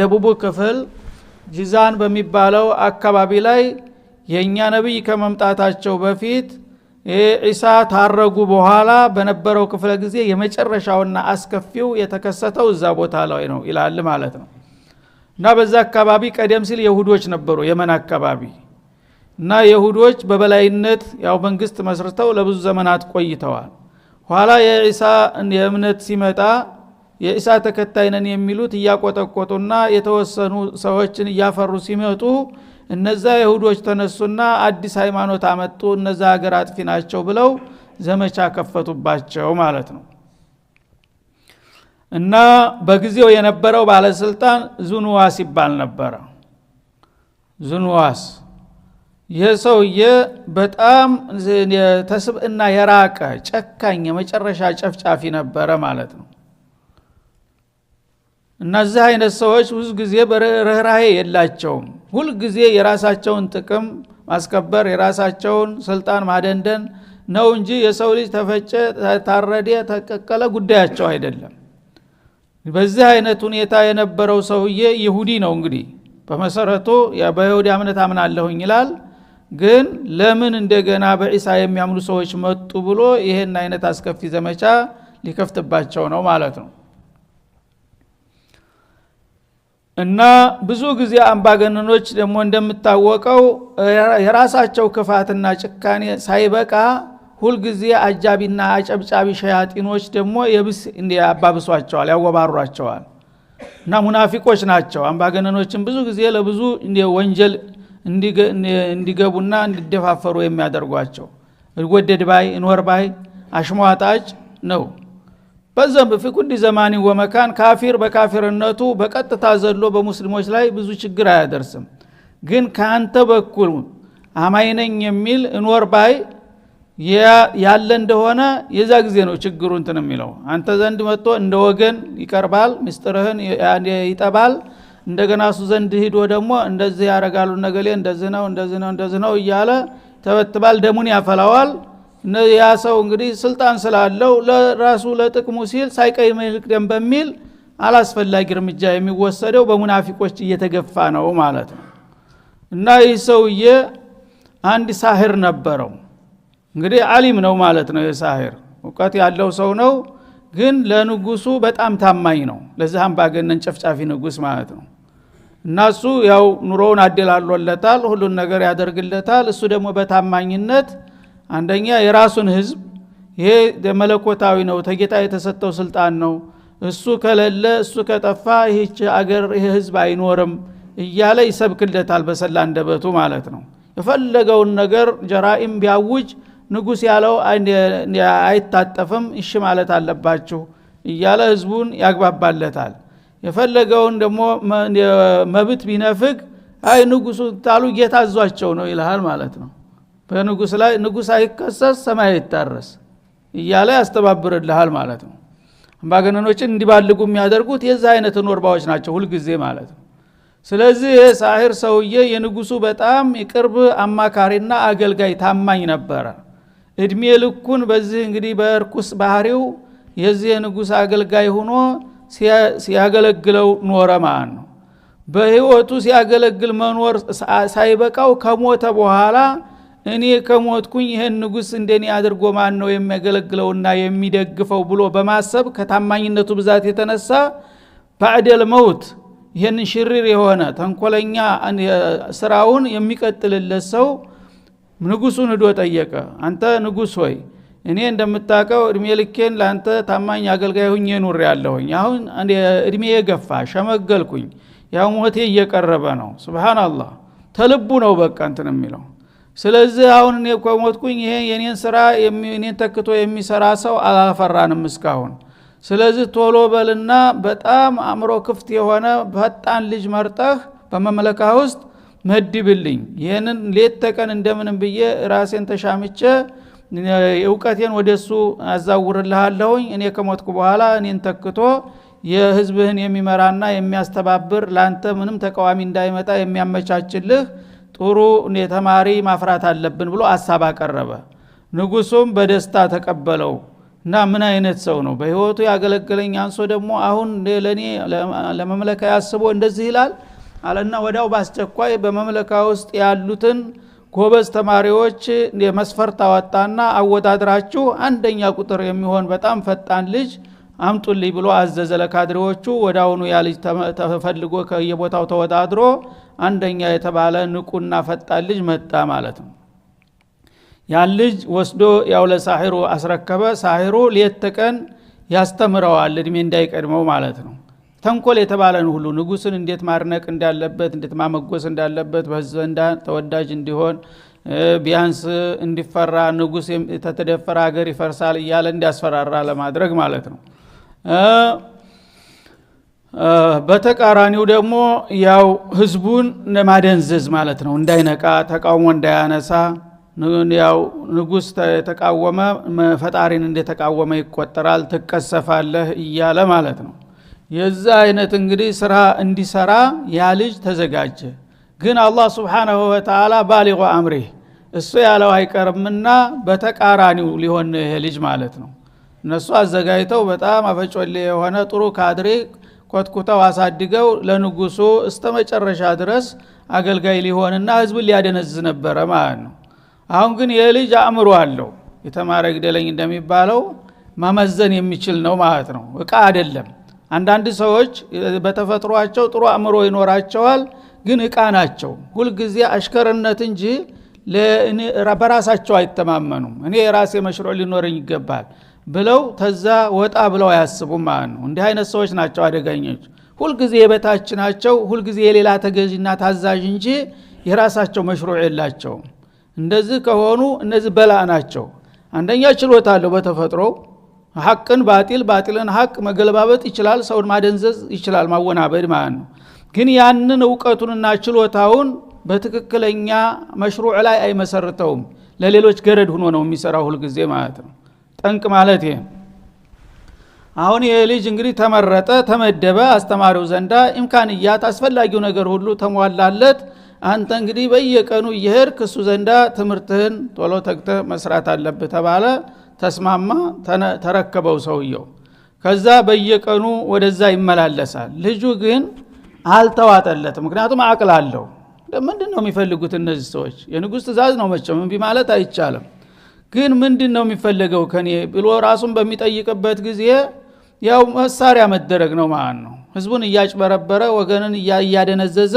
ደቡቡ ክፍል ጂዛን በሚባለው አካባቢ ላይ የእኛ ነቢይ ከመምጣታቸው በፊት ዒሳ ታረጉ በኋላ በነበረው ክፍለ ጊዜ የመጨረሻውና አስከፊው የተከሰተው እዛ ቦታ ላይ ነው ይላል ማለት ነው። እና በዛ አካባቢ ቀደም ሲል የሁዶች ነበሩ፣ የመን አካባቢ እና የሁዶች በበላይነት ያው መንግስት መስርተው ለብዙ ዘመናት ቆይተዋል። ኋላ የዒሳ የእምነት ሲመጣ የኢሳ ተከታይ ነን የሚሉት እያቆጠቆጡና የተወሰኑ ሰዎችን እያፈሩ ሲመጡ እነዛ ይሁዶች ተነሱና አዲስ ሃይማኖት አመጡ፣ እነዛ ሀገር አጥፊ ናቸው ብለው ዘመቻ ከፈቱባቸው ማለት ነው። እና በጊዜው የነበረው ባለስልጣን ዙንዋስ ይባል ነበረ። ዙንዋስ ይህ ሰውዬ በጣም ተስብእና የራቀ ጨካኝ፣ የመጨረሻ ጨፍጫፊ ነበረ ማለት ነው። እነዚህ አይነት ሰዎች ብዙ ጊዜ ርኅራሄ የላቸውም። ሁል ጊዜ የራሳቸውን ጥቅም ማስከበር፣ የራሳቸውን ስልጣን ማደንደን ነው እንጂ የሰው ልጅ ተፈጨ፣ ታረደ፣ ተቀቀለ ጉዳያቸው አይደለም። በዚህ አይነት ሁኔታ የነበረው ሰውዬ ይሁዲ ነው። እንግዲህ በመሰረቱ በይሁዲ እምነት አምናለሁኝ ይላል። ግን ለምን እንደገና በዒሳ የሚያምኑ ሰዎች መጡ ብሎ ይሄን አይነት አስከፊ ዘመቻ ሊከፍትባቸው ነው ማለት ነው። እና ብዙ ጊዜ አምባገነኖች ደግሞ እንደምታወቀው የራሳቸው ክፋትና ጭካኔ ሳይበቃ ሁልጊዜ አጃቢና አጨብጫቢ ሸያጢኖች ደግሞ የብስ አባብሷቸዋል፣ ያወባሯቸዋል። እና ሙናፊቆች ናቸው። አምባገነኖችን ብዙ ጊዜ ለብዙ ወንጀል እንዲገቡና እንዲደፋፈሩ የሚያደርጓቸው ወደድ ባይ፣ ኖር ባይ፣ አሽሟጣጭ ነው። በዛም በፊ ዘማኒ ወመካን ካፊር በካፊርነቱ በቀጥታ ዘሎ በሙስሊሞች ላይ ብዙ ችግር አያደርስም። ግን ከአንተ በኩል አማይነኝ የሚል እኖር ባይ ያለ እንደሆነ የዛ ጊዜ ነው ችግሩ እንትን የሚለው አንተ ዘንድ መጥቶ እንደ ወገን ይቀርባል፣ ምስጢርህን ይጠባል። እንደገና እሱ ዘንድ ሂዶ ደግሞ እንደዚህ ያረጋሉ ነገሌ እንደዚህ ነው እንደዚህ ነው እንደዚህ ነው እያለ ተበትባል፣ ደሙን ያፈላዋል። ያ ሰው እንግዲህ ስልጣን ስላለው ለራሱ ለጥቅሙ ሲል ሳይቀይ መልቅደም በሚል አላስፈላጊ እርምጃ የሚወሰደው በሙናፊቆች እየተገፋ ነው ማለት ነው። እና ይህ ሰውዬ አንድ ሳህር ነበረው። እንግዲህ አሊም ነው ማለት ነው። የሳህር እውቀት ያለው ሰው ነው። ግን ለንጉሱ በጣም ታማኝ ነው። ለዚህ አምባገነን ጨፍጫፊ ንጉስ ማለት ነው። እና እሱ ያው ኑሮውን አደላሎለታል፣ ሁሉን ነገር ያደርግለታል። እሱ ደግሞ በታማኝነት አንደኛ የራሱን ህዝብ ይሄ መለኮታዊ ነው፣ ተጌታ የተሰጠው ስልጣን ነው። እሱ ከሌለ እሱ ከጠፋ ይህች አገር ይህ ህዝብ አይኖርም እያለ ይሰብክለታል፣ በሰላ እንደበቱ ማለት ነው። የፈለገውን ነገር ጀራኢም ቢያውጅ ንጉሥ ያለው አይታጠፍም፣ እሺ ማለት አለባችሁ እያለ ህዝቡን ያግባባለታል። የፈለገውን ደግሞ መብት ቢነፍግ አይ ንጉሱ ታሉ ጌታ አዟቸው ነው ይልሃል ማለት ነው። በንጉስ ላይ ንጉስ አይከሰስ ሰማይ ይታረስ እያለ ያስተባብርልሃል ማለት ነው አምባገነኖችን እንዲባልጉ የሚያደርጉት የዛ አይነት ኖርባዎች ናቸው ሁልጊዜ ማለት ነው ስለዚህ ይህ ሳሄር ሰውዬ የንጉሱ በጣም የቅርብ አማካሪና አገልጋይ ታማኝ ነበረ እድሜ ልኩን በዚህ እንግዲህ በእርኩስ ባህሪው የዚህ የንጉስ አገልጋይ ሆኖ ሲያገለግለው ኖረ ማለት ነው በህይወቱ ሲያገለግል መኖር ሳይበቃው ከሞተ በኋላ እኔ ከሞትኩኝ ይህን ንጉሥ እንደኔ አድርጎ ማን ነው የሚያገለግለውና የሚደግፈው ብሎ በማሰብ ከታማኝነቱ ብዛት የተነሳ ባዕደል መውት ይህንን ሽሪር የሆነ ተንኮለኛ ስራውን የሚቀጥልለት ሰው ንጉሱን ዶ ጠየቀ። አንተ ንጉሥ ሆይ እኔ እንደምታውቀው እድሜ ልኬን ለአንተ ታማኝ አገልጋይ ሁኜ ኑር ያለሁኝ አሁን እድሜ የገፋ ሸመገልኩኝ፣ ያው ሞቴ እየቀረበ ነው። ስብናላህ ተልቡ ነው በቃ እንትን የሚለው ስለዚህ አሁን እኔ ከሞትኩኝ ይሄ የኔን ስራ እኔን ተክቶ የሚሰራ ሰው አላፈራንም እስካሁን። ስለዚህ ቶሎ በልና በጣም አእምሮ ክፍት የሆነ ፈጣን ልጅ መርጠህ በመመለካ ውስጥ መድብልኝ። ይህንን ሌት ተቀን እንደምንም ብዬ ራሴን ተሻምቼ እውቀቴን ወደሱ አዛውርልሃለሁኝ። እኔ ከሞትኩ በኋላ እኔን ተክቶ የህዝብህን የሚመራና የሚያስተባብር ለአንተ ምንም ተቃዋሚ እንዳይመጣ የሚያመቻችልህ ጥሩ ተማሪ ማፍራት አለብን ብሎ አሳብ አቀረበ። ንጉሱም በደስታ ተቀበለው እና ምን አይነት ሰው ነው በህይወቱ ያገለገለኝ አንሶ ደግሞ አሁን ለእኔ ለመምለካ ያስቦ እንደዚህ ይላል አለና ወዳው በአስቸኳይ በመምለካ ውስጥ ያሉትን ጎበዝ ተማሪዎች የመስፈርት አወጣና አወዳድራችሁ አንደኛ ቁጥር የሚሆን በጣም ፈጣን ልጅ አምጡልኝ ብሎ አዘዘ ለካድሬዎቹ ወደ አሁኑ ያልጅ ተፈልጎ ከየቦታው ተወዳድሮ አንደኛ የተባለ ንቁና ፈጣን ልጅ መጣ ማለት ነው ያን ልጅ ወስዶ ያው ለሳሂሩ አስረከበ ሳሂሩ ሌት ተቀን ያስተምረዋል እድሜ እንዳይቀድመው ማለት ነው ተንኮል የተባለን ሁሉ ንጉስን እንዴት ማድነቅ እንዳለበት እንዴት ማመጎስ እንዳለበት በዘንዳ ተወዳጅ እንዲሆን ቢያንስ እንዲፈራ ንጉስ ተተደፈረ ሀገር ይፈርሳል እያለ እንዲያስፈራራ ለማድረግ ማለት ነው በተቃራኒው ደግሞ ያው ህዝቡን ማደንዘዝ ማለት ነው። እንዳይነቃ ተቃውሞ እንዳያነሳ ያው ንጉሥ የተቃወመ ፈጣሪን እንደተቃወመ ይቆጠራል፣ ትቀሰፋለህ እያለ ማለት ነው። የዛ አይነት እንግዲህ ስራ እንዲሰራ ያ ልጅ ተዘጋጀ። ግን አላህ ሱብሓነሁ ወተላ ባሊቆ አምሪህ እሱ ያለው አይቀርምና በተቃራኒው ሊሆን ይሄ ልጅ ማለት ነው። እነሱ አዘጋጅተው በጣም አፈጮሌ የሆነ ጥሩ ካድሬ ኮትኩተው አሳድገው ለንጉሱ እስተ መጨረሻ ድረስ አገልጋይ ሊሆንና ህዝብን ሊያደነዝ ነበረ ማለት ነው። አሁን ግን ይህ ልጅ አእምሮ አለው። የተማረ ግደለኝ እንደሚባለው መመዘን የሚችል ነው ማለት ነው። እቃ አይደለም። አንዳንድ ሰዎች በተፈጥሯቸው ጥሩ አእምሮ ይኖራቸዋል፣ ግን እቃ ናቸው። ሁልጊዜ አሽከርነት እንጂ በራሳቸው አይተማመኑም። እኔ የራሴ መሽሮ ሊኖረኝ ይገባል ብለው ተዛ ወጣ ብለው አያስቡም ማለት ነው። እንዲህ አይነት ሰዎች ናቸው አደገኞች። ሁልጊዜ የበታች ናቸው። ሁልጊዜ የሌላ ተገዥና ታዛዥ እንጂ የራሳቸው መሽሩዕ የላቸውም። እንደዚህ ከሆኑ እነዚህ በላ ናቸው። አንደኛ ችሎታ አለው በተፈጥሮ ሀቅን ባጢል ባጢልን ሀቅ መገለባበጥ ይችላል። ሰውን ማደንዘዝ ይችላል፣ ማወናበድ ማለት ነው። ግን ያንን እውቀቱንና ችሎታውን በትክክለኛ መሽሩዕ ላይ አይመሰርተውም። ለሌሎች ገረድ ሁኖ ነው የሚሰራ ሁልጊዜ ማለት ነው። ጠንቅ ማለት ይሄ አሁን ይሄ ልጅ እንግዲህ ተመረጠ፣ ተመደበ፣ አስተማሪው ዘንዳ ኢምካንያት አስፈላጊው ነገር ሁሉ ተሟላለት። አንተ እንግዲህ በየቀኑ እየሄድክ ክሱ ዘንዳ ትምህርትህን ቶሎ ተግተህ መስራት አለብህ ተባለ። ተስማማ፣ ተረከበው ሰውየው። ከዛ በየቀኑ ወደዛ ይመላለሳል። ልጁ ግን አልተዋጠለት ምክንያቱም አቅል አለው። ምንድን ነው የሚፈልጉት እነዚህ ሰዎች? የንጉሥ ትእዛዝ ነው መቸም እምቢ ማለት አይቻልም። ግን ምንድን ነው የሚፈለገው ከኔ ብሎ ራሱን በሚጠይቅበት ጊዜ ያው መሳሪያ መደረግ ነው ማለት ነው። ህዝቡን እያጭበረበረ ወገንን እያደነዘዘ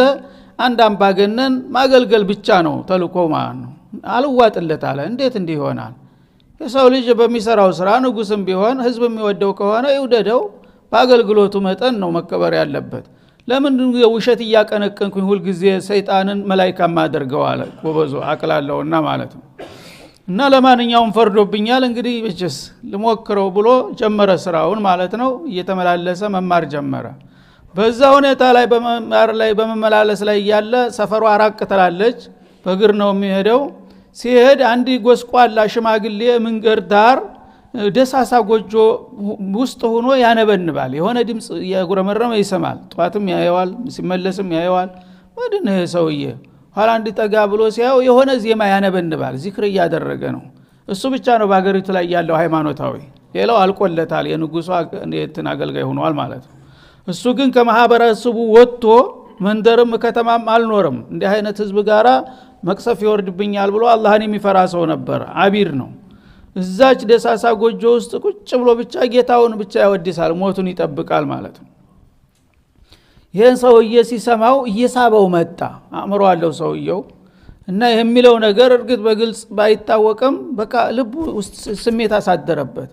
አንድ አምባገነን ማገልገል ብቻ ነው ተልኮ ማለት ነው። አልዋጥለት አለ። እንዴት እንዲህ ይሆናል? የሰው ልጅ በሚሰራው ስራ ንጉስም ቢሆን ህዝብ የሚወደው ከሆነ ይውደደው፣ በአገልግሎቱ መጠን ነው መከበር ያለበት። ለምን የውሸት እያቀነቀንኩኝ ሁልጊዜ ሰይጣንን ማደርገው አለ ጎበዞ አቅላለውና ማለት ነው እና ለማንኛውም ፈርዶብኛል እንግዲህ ብችስ ልሞክረው ብሎ ጀመረ ስራውን ማለት ነው። እየተመላለሰ መማር ጀመረ። በዛ ሁኔታ ላይ በመማር ላይ በመመላለስ ላይ እያለ ሰፈሯ አራቅ ትላለች። በእግር ነው የሚሄደው። ሲሄድ አንድ ጎስቋላ ሽማግሌ መንገድ ዳር ደሳሳ ጎጆ ውስጥ ሆኖ ያነበንባል። የሆነ ድምፅ እያጉረመረመ ይሰማል። ጠዋትም ያየዋል፣ ሲመለስም ያየዋል። ምንድን ይሄ ሰውዬ ኋላ እንድጠጋ ብሎ ሲያየው የሆነ ዜማ ያነበንባል። ዚክር እያደረገ ነው። እሱ ብቻ ነው በሀገሪቱ ላይ ያለው ሃይማኖታዊ። ሌላው አልቆለታል፣ የንጉሱ ትን አገልጋይ ሆኗል ማለት ነው። እሱ ግን ከማህበረሰቡ ወጥቶ መንደርም ከተማም አልኖርም። እንዲህ አይነት ህዝብ ጋራ መቅሰፍ ይወርድብኛል ብሎ አላህን የሚፈራ ሰው ነበር። አቢር ነው። እዛች ደሳሳ ጎጆ ውስጥ ቁጭ ብሎ ብቻ ጌታውን ብቻ ያወድሳል፣ ሞቱን ይጠብቃል ማለት ነው። ይህን ሰውዬ ሲሰማው እየሳበው መጣ። አእምሮ አለው ሰውየው እና የሚለው ነገር እርግጥ በግልጽ ባይታወቅም በቃ ልቡ ውስጥ ስሜት አሳደረበት።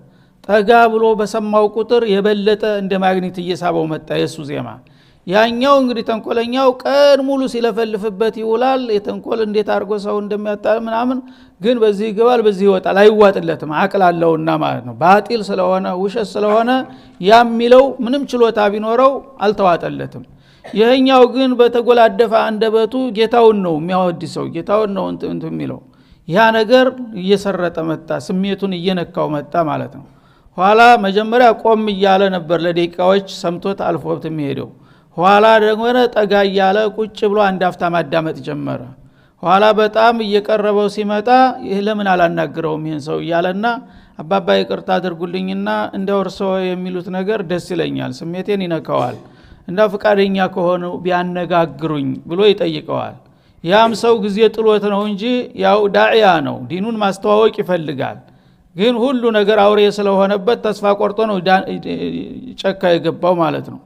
ጠጋ ብሎ በሰማው ቁጥር የበለጠ እንደ ማግኒት እየሳበው መጣ የእሱ ዜማ። ያኛው እንግዲህ ተንኮለኛው ቀን ሙሉ ሲለፈልፍበት ይውላል። የተንኮል እንዴት አድርጎ ሰው እንደሚያጣል ምናምን፣ ግን በዚህ ይገባል፣ በዚህ ይወጣል፣ አይዋጥለትም። አቅል አለውና ማለት ነው። ባጢል ስለሆነ ውሸት ስለሆነ ያ የሚለው ምንም ችሎታ ቢኖረው አልተዋጠለትም። ይህኛው ግን በተጎላደፈ አንደበቱ ጌታውን ነው ሰው ጌታውን ነው እንትን የሚለው። ያ ነገር እየሰረጠ መጣ፣ ስሜቱን እየነካው መጣ ማለት ነው። ኋላ መጀመሪያ ቆም እያለ ነበር ለደቂቃዎች፣ ሰምቶት አልፎት የሚሄደው ኋላ ደግሞ ጠጋ እያለ ቁጭ ብሎ አንድ አፍታ ማዳመጥ ጀመረ። ኋላ በጣም እየቀረበው ሲመጣ ይህ ለምን አላናግረውም ይህን ሰው እያለና አባባ ይቅርታ አድርጉልኝና እንደ እርሶ የሚሉት ነገር ደስ ይለኛል፣ ስሜቴን ይነካዋል፣ እንዳ ፍቃደኛ ከሆኑ ቢያነጋግሩኝ ብሎ ይጠይቀዋል። ያም ሰው ጊዜ ጥሎት ነው እንጂ ያው ዳዕያ ነው፣ ዲኑን ማስተዋወቅ ይፈልጋል። ግን ሁሉ ነገር አውሬ ስለሆነበት ተስፋ ቆርጦ ነው ጨካ የገባው ማለት ነው።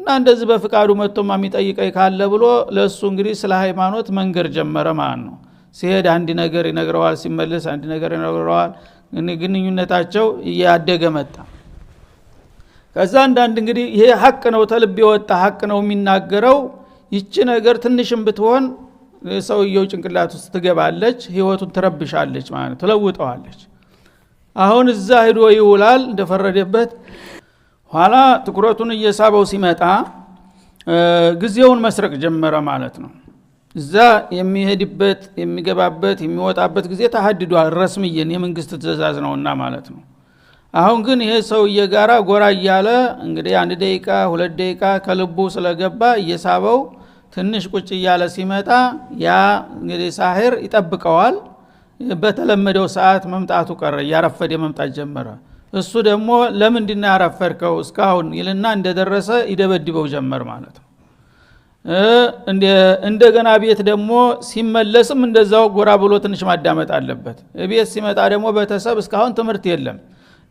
እና እንደዚህ በፍቃዱ መጥቶም የሚጠይቀኝ ካለ ብሎ ለእሱ እንግዲህ ስለ ሃይማኖት መንገር ጀመረ ማለት ነው። ሲሄድ አንድ ነገር ይነግረዋል፣ ሲመለስ አንድ ነገር ይነግረዋል። ግንኙነታቸው እያደገ መጣ። ከዛ አንዳንድ እንግዲህ ይሄ ሀቅ ነው፣ ተልብ የወጣ ሀቅ ነው የሚናገረው። ይቺ ነገር ትንሽም ብትሆን ሰውየው ጭንቅላት ውስጥ ትገባለች፣ ህይወቱን ትረብሻለች ማለት ትለውጠዋለች። አሁን እዛ ሂዶ ይውላል እንደፈረደበት ኋላ ትኩረቱን እየሳበው ሲመጣ ጊዜውን መስረቅ ጀመረ ማለት ነው። እዛ የሚሄድበት የሚገባበት የሚወጣበት ጊዜ ተሀድዷል። ረስምዬን የመንግስት ትእዛዝ ነውና ማለት ነው። አሁን ግን ይሄ ሰውዬ ጋራ ጎራ እያለ እንግዲህ አንድ ደቂቃ ሁለት ደቂቃ ከልቡ ስለገባ እየሳበው ትንሽ ቁጭ እያለ ሲመጣ ያ እንግዲህ ሳህር ይጠብቀዋል። በተለመደው ሰዓት መምጣቱ ቀረ፣ እያረፈደ መምጣት ጀመረ። እሱ ደግሞ ለምንድን ነው እስካሁን ይልና እንደደረሰ ይደበድበው ጀመር ማለት ነው። እንደገና ቤት ደግሞ ሲመለስም እንደዛው ጎራ ብሎ ትንሽ ማዳመጥ አለበት። ቤት ሲመጣ ደግሞ ቤተሰብ እስካሁን ትምህርት የለም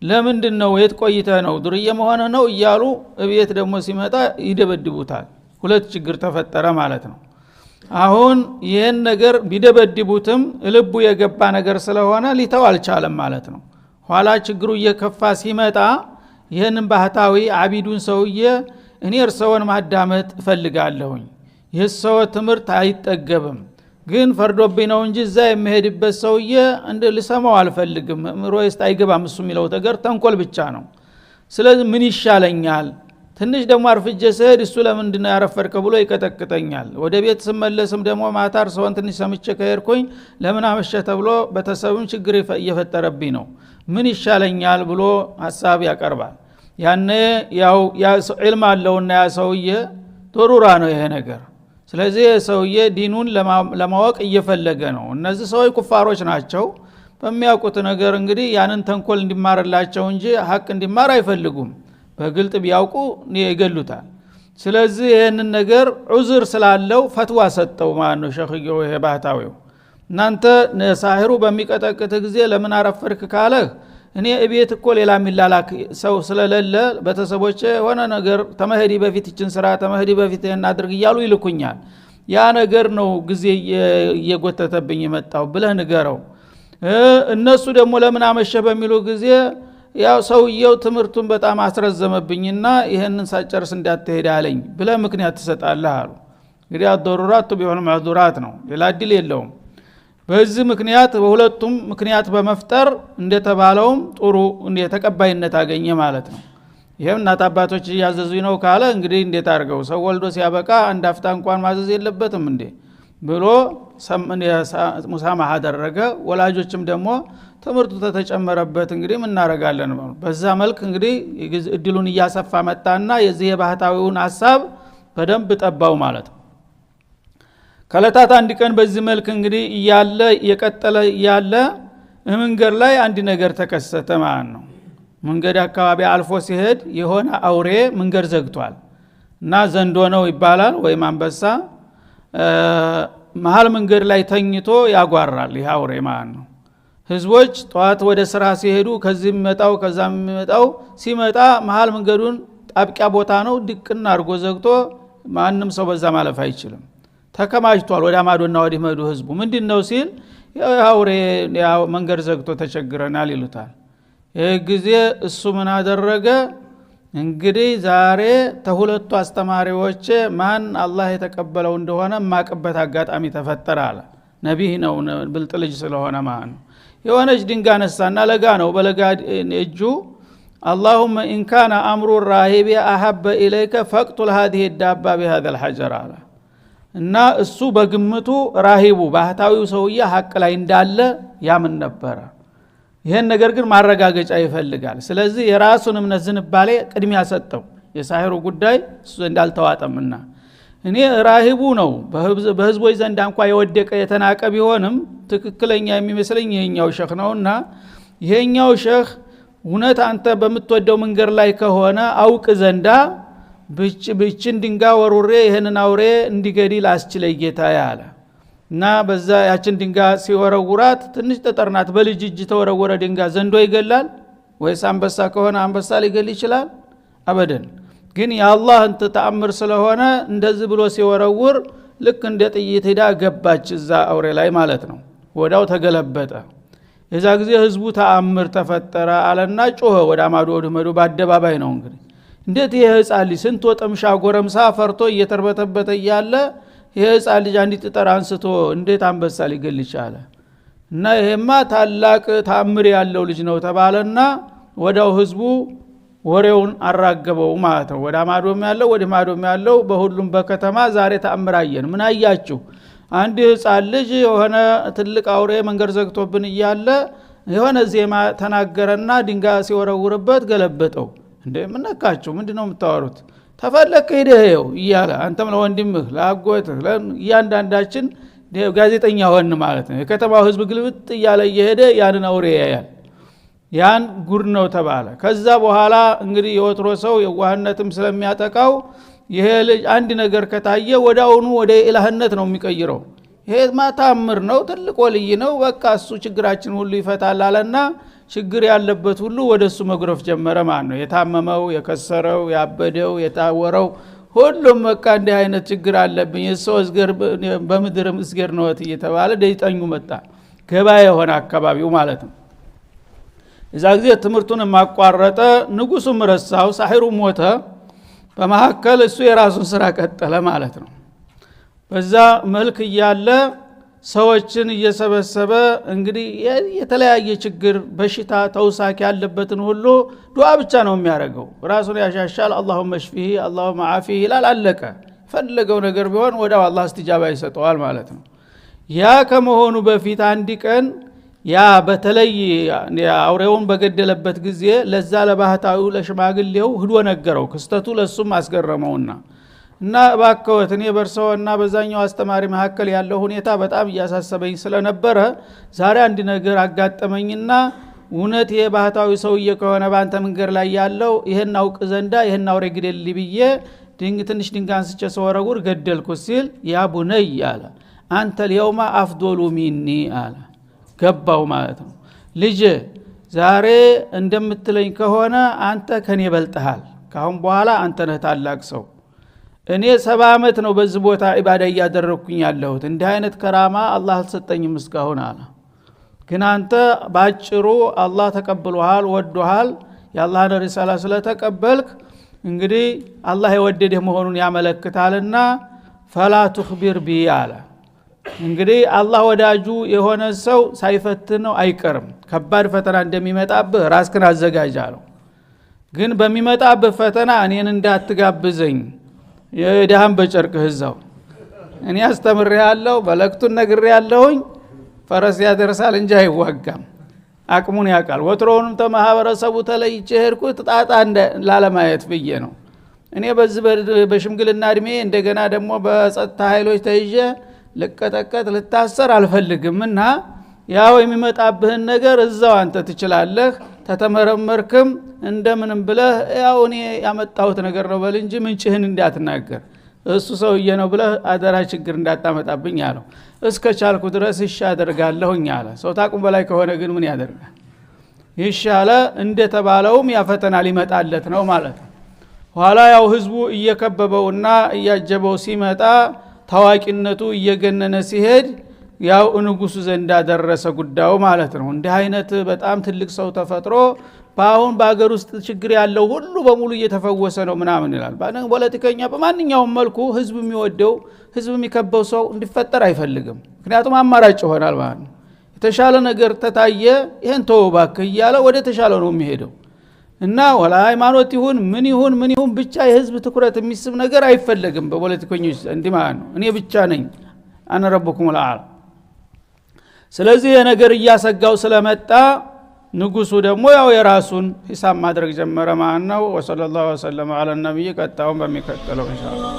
ለምንድን ነው የት ቆይተ ነው ዱርዬ መሆነ ነው እያሉ ቤት ደግሞ ሲመጣ ይደበድቡታል። ሁለት ችግር ተፈጠረ ማለት ነው። አሁን ይህን ነገር ቢደበድቡትም ልቡ የገባ ነገር ስለሆነ ሊተው አልቻለም ማለት ነው። ኋላ ችግሩ እየከፋ ሲመጣ ይህንን ባህታዊ አቢዱን ሰውዬ እኔ እርሰውን ማዳመጥ እፈልጋለሁኝ ይህ ሰው ትምህርት አይጠገብም ግን ፈርዶብኝ ነው እንጂ እዛ የምሄድበት ሰውየ እንደ ልሰማው አልፈልግም ምሮ አይገባም እሱ የሚለው ተገር ተንኮል ብቻ ነው ስለዚህ ምን ይሻለኛል ትንሽ ደግሞ አርፍጀ ስሄድ እሱ ለምንድ ነው ያረፈድከው ብሎ ይቀጠቅጠኛል። ወደ ቤት ስመለስም ደግሞ ማታር ሰሆን ትንሽ ሰምቼ ከሄድኩኝ ለምን አመሸ ተብሎ በተሰብም ችግር እየፈጠረብኝ ነው፣ ምን ይሻለኛል ብሎ ሀሳብ ያቀርባል። ያኔ ያው ዕልም አለውና ያ ሰውዬ ጥሩራ ነው ይሄ ነገር። ስለዚህ ሰውዬ ዲኑን ለማወቅ እየፈለገ ነው። እነዚህ ሰዎች ኩፋሮች ናቸው። በሚያውቁት ነገር እንግዲህ ያንን ተንኮል እንዲማርላቸው እንጂ ሀቅ እንዲማር አይፈልጉም። በግልጥ ቢያውቁ ይገሉታል ስለዚህ ይህንን ነገር ዑዝር ስላለው ፈትዋ ሰጠው ማለት ነው ሸክዮ ይሄ ባህታዊው እናንተ ሳሂሩ በሚቀጠቅት ጊዜ ለምን አረፈርክ ካለህ እኔ እቤት እኮ ሌላ የሚላላክ ሰው ስለሌለ ቤተሰቦቼ የሆነ ነገር ተመህዲ በፊት ይችን ስራ ተመህዲ በፊት ይህን አድርግ እያሉ ይልኩኛል ያ ነገር ነው ጊዜ እየጎተተብኝ የመጣው ብለህ ንገረው እነሱ ደግሞ ለምን አመሸ በሚሉ ጊዜ ያው ሰውየው ትምህርቱን በጣም አስረዘመብኝና ይህንን ሳጨርስ እንዳትሄድ አለኝ ብለ ምክንያት ትሰጣለህ አሉ። እንግዲህ አዶሩራት ቱቢዑል መዙራት ነው፣ ሌላ እድል የለውም። በዚህ ምክንያት በሁለቱም ምክንያት በመፍጠር እንደተባለውም ጥሩ ተቀባይነት አገኘ ማለት ነው። ይህም እናት አባቶች እያዘዙኝ ነው ካለ እንግዲህ እንዴት አድርገው ሰው ወልዶ ሲያበቃ አንድ አፍታ እንኳን ማዘዝ የለበትም እንዴ? ብሎ ሙሳ አደረገ ወላጆችም ደግሞ ትምህርቱ ተተጨመረበት እንግዲህ እናረጋለን በዛ መልክ እንግዲህ እድሉን እያሰፋ መጣና የዚህ የባህታዊውን ሀሳብ በደንብ ጠባው ማለት ነው ከለታት አንድ ቀን በዚህ መልክ እንግዲህ እያለ የቀጠለ እያለ መንገድ ላይ አንድ ነገር ተከሰተ ማለት ነው መንገድ አካባቢ አልፎ ሲሄድ የሆነ አውሬ መንገድ ዘግቷል እና ዘንዶ ነው ይባላል ወይም አንበሳ መሀል መንገድ ላይ ተኝቶ ያጓራል። ይህ አውሬ ማለት ነው። ህዝቦች ጠዋት ወደ ስራ ሲሄዱ ከዚህ የሚመጣው ከዛ የሚመጣው ሲመጣ መሀል መንገዱን ጣብቂያ ቦታ ነው ድቅና አድርጎ ዘግቶ ማንም ሰው በዛ ማለፍ አይችልም። ተከማችቷል። ወደ አማዶና ወዲህ መዱ ህዝቡ ምንድን ነው ሲል አውሬ መንገድ ዘግቶ ተቸግረናል ይሉታል። ይህ ጊዜ እሱ ምን አደረገ? እንግዲህ ዛሬ ተሁለቱ አስተማሪዎች ማን አላህ የተቀበለው እንደሆነ ማቅበት አጋጣሚ ተፈጠረ አለ። ነቢህ ነው ብልጥ ልጅ ስለሆነ ማለት ነው። የሆነች ድንጋ ነሳና ለጋ ነው በለጋ እጁ አላሁመ ኢንካና አምሩ ራሂቢ አሀበ ኢለይከ ፈቅቱል ሀዲህ ዳባ ቢሀዘ ልሐጀር አለ እና እሱ በግምቱ ራሂቡ ባህታዊው ሰውዬ ሀቅ ላይ እንዳለ ያምን ነበረ ይህን ነገር ግን ማረጋገጫ ይፈልጋል። ስለዚህ የራሱን እምነት ዝንባሌ ቅድሚያ ሰጠው። የሳሄሩ ጉዳይ እሱ ዘንድ አልተዋጠምና እኔ ራሂቡ ነው በህዝቦች ዘንድ እንኳ የወደቀ የተናቀ ቢሆንም ትክክለኛ የሚመስለኝ ይሄኛው ሸህ ነውና ይሄኛው ሸህ እውነት አንተ በምትወደው መንገድ ላይ ከሆነ አውቅ ዘንዳ ብችን ድንጋይ ወሩሬ ይህንን አውሬ እንዲገድል አስችለጌታ ጌታ ያለ እና በዛ ያችን ድንጋ ሲወረውራት ትንሽ ጠጠርናት በልጅጅ በልጅ እጅ ተወረወረ ድንጋ ዘንዶ ይገላል ወይስ አንበሳ ከሆነ አንበሳ ሊገል ይችላል? አበደን። ግን የአላህን ተአምር ስለሆነ እንደዚህ ብሎ ሲወረውር ልክ እንደ ጥይት ሄዳ ገባች እዛ አውሬ ላይ ማለት ነው። ወዳው ተገለበጠ። የዛ ጊዜ ህዝቡ ተአምር ተፈጠረ አለና ጮኸ። ወደ አማዶ ወደ በአደባባይ ነው እንግዲህ እንዴት ይህ ህፃን ስንት ወጠምሻ ጎረምሳ ፈርቶ እየተርበተበተ እያለ የህፃን ልጅ አንዲት ጠር አንስቶ እንዴት አንበሳ ሊገል ይቻለ? እና ይሄማ ታላቅ ታምር ያለው ልጅ ነው ተባለና ወዳው ህዝቡ ወሬውን አራገበው ማለት ነው። ወደ ማዶም ያለው ወደ ማዶም ያለው በሁሉም በከተማ ዛሬ ተአምር አየን። ምን አያችሁ? አንድ ህፃን ልጅ የሆነ ትልቅ አውሬ መንገድ ዘግቶብን እያለ የሆነ ዜማ ተናገረና ድንጋይ ሲወረውርበት ገለበጠው። እንደ ምነካችሁ ምንድነው የምታወሩት? ተፈለክ ሂደህ እያለ አንተም ለወንድምህ ለአጎትህ እያንዳንዳችን ጋዜጠኛ ሆን ማለት ነው። የከተማው ህዝብ ግልብጥ እያለ እየሄደ ያንን አውሬ ያያል። ያን ጉድ ነው ተባለ። ከዛ በኋላ እንግዲህ የወትሮ ሰው የዋህነትም ስለሚያጠቃው ይሄ ልጅ አንድ ነገር ከታየ ወዳውኑ ወደ ኢላህነት ነው የሚቀይረው። ይሄ ማታምር ነው፣ ትልቅ ወልይ ነው፣ በቃ እሱ ችግራችን ሁሉ ይፈታል አለና ችግር ያለበት ሁሉ ወደ እሱ መጉረፍ ጀመረ ማለት ነው። የታመመው፣ የከሰረው፣ ያበደው፣ የታወረው ሁሉም በቃ እንዲህ አይነት ችግር አለብኝ የሰው እዝገር በምድርም እዝገር ነወት እየተባለ ደይጠኙ መጣ። ገባ የሆነ አካባቢው ማለት ነው። እዛ ጊዜ ትምህርቱን ማቋረጠ። ንጉሱም ረሳው፣ ሳሒሩ ሞተ። በመካከል እሱ የራሱን ስራ ቀጠለ ማለት ነው። በዛ መልክ እያለ ሰዎችን እየሰበሰበ እንግዲህ የተለያየ ችግር፣ በሽታ፣ ተውሳክ ያለበትን ሁሉ ዱዓ ብቻ ነው የሚያደርገው። ራሱን ያሻሻል። አላሁመ ሽፊህ አላሁመ አፊህ ይላል። አለቀ። ፈለገው ነገር ቢሆን ወዳው አላ እስትጃባ ይሰጠዋል ማለት ነው። ያ ከመሆኑ በፊት አንድ ቀን ያ በተለይ አውሬውን በገደለበት ጊዜ ለዛ ለባህታዊ ለሽማግሌው ህዶ ነገረው። ክስተቱ ለሱም አስገረመውና እና እባከወት እኔ በእርስዎ እና በዛኛው አስተማሪ መካከል ያለው ሁኔታ በጣም እያሳሰበኝ ስለነበረ ዛሬ አንድ ነገር አጋጠመኝና እውነት ይሄ ባህታዊ ሰውዬ ከሆነ በአንተ መንገድ ላይ ያለው ይህን አውቅ ዘንዳ ይህን አውሬ ግደል ብዬ ትንሽ ድንጋይ አንስቼ ስወረውር ገደልኩት ሲል ያ ቡነይ አለ አንተ ሊየውማ አፍዶሉ ሚኒ አለ ገባው ማለት ነው ልጅ ዛሬ እንደምትለኝ ከሆነ አንተ ከኔ በልጠሃል ካአሁን በኋላ አንተ ነህ ታላቅ ሰው እኔ ሰባ ዓመት ነው በዚህ ቦታ ኢባዳ እያደረግኩኝ ያለሁት እንዲህ አይነት ከራማ አላህ አልሰጠኝም እስካሁን አለ። ግን አንተ ባጭሩ አላህ ተቀብሎሃል፣ ወዶሃል። የአላህን ሪሳላ ስለተቀበልክ እንግዲህ አላህ የወደደህ መሆኑን ያመለክታልና ፈላ ቱክቢር ቢ አለ። እንግዲህ አላህ ወዳጁ የሆነ ሰው ሳይፈትነው አይቀርም። ከባድ ፈተና እንደሚመጣብህ ራስክን አዘጋጅ አለው። ግን በሚመጣብህ ፈተና እኔን እንዳትጋብዘኝ የድሃም በጨርቅ ህዛው እኔ አስተምሬ ያለው መለክቱን ነግሬ ያለሁኝ ፈረስ ያደርሳል እንጂ አይዋጋም። አቅሙን ያውቃል። ወትሮውንም ተማህበረሰቡ ተለይቼ ሄድኩት ጣጣ ላለማየት ብዬ ነው። እኔ በዚህ በሽምግልና እድሜ እንደገና ደግሞ በጸጥታ ኃይሎች ተይዤ ልቀጠቀጥ ልታሰር አልፈልግም እና ያው የሚመጣብህን ነገር እዛው አንተ ትችላለህ ተተመረመርክም እንደምንም ብለህ ያው እኔ ያመጣሁት ነገር ነው በል እንጂ ምንጭህን እንዳትናገር እሱ ሰውዬ ነው ብለህ አደራ ችግር እንዳታመጣብኝ አለው። እስከ ቻልኩ ድረስ እሺ አደርጋለሁኝ አለ። ሰው ታቁም በላይ ከሆነ ግን ምን ያደርጋል? ይሻለ እንደተባለውም ያፈተና ሊመጣለት ነው ማለት ነው። ኋላ ያው ህዝቡ እየከበበውና እያጀበው ሲመጣ ታዋቂነቱ እየገነነ ሲሄድ ያው ንጉሱ ዘንድ ደረሰ ጉዳዩ ማለት ነው። እንዲህ አይነት በጣም ትልቅ ሰው ተፈጥሮ በአሁን በሀገር ውስጥ ችግር ያለው ሁሉ በሙሉ እየተፈወሰ ነው ምናምን ይላል። ፖለቲከኛ በማንኛውም መልኩ ህዝብ የሚወደው ህዝብ የሚከበው ሰው እንዲፈጠር አይፈልግም። ምክንያቱም አማራጭ ይሆናል ማለት ነው። የተሻለ ነገር ተታየ፣ ይህን ተወባክ እያለ ወደ ተሻለ ነው የሚሄደው እና ወላ ሃይማኖት ይሁን ምን ይሁን ምን ይሁን ብቻ የህዝብ ትኩረት የሚስብ ነገር አይፈለግም በፖለቲከኞች እንዲህ ማለት ነው። እኔ ብቻ ነኝ አነረቡኩም ረብኩም ስለዚህ የነገር እያሰጋው ስለመጣ ንጉሱ ደግሞ ያው የራሱን ሂሳብ ማድረግ ጀመረ ማለት ነው። ወሰለላሁ ወሰለም አለ ነቢይ ቀጣውን በሚቀጥለው እንሻላ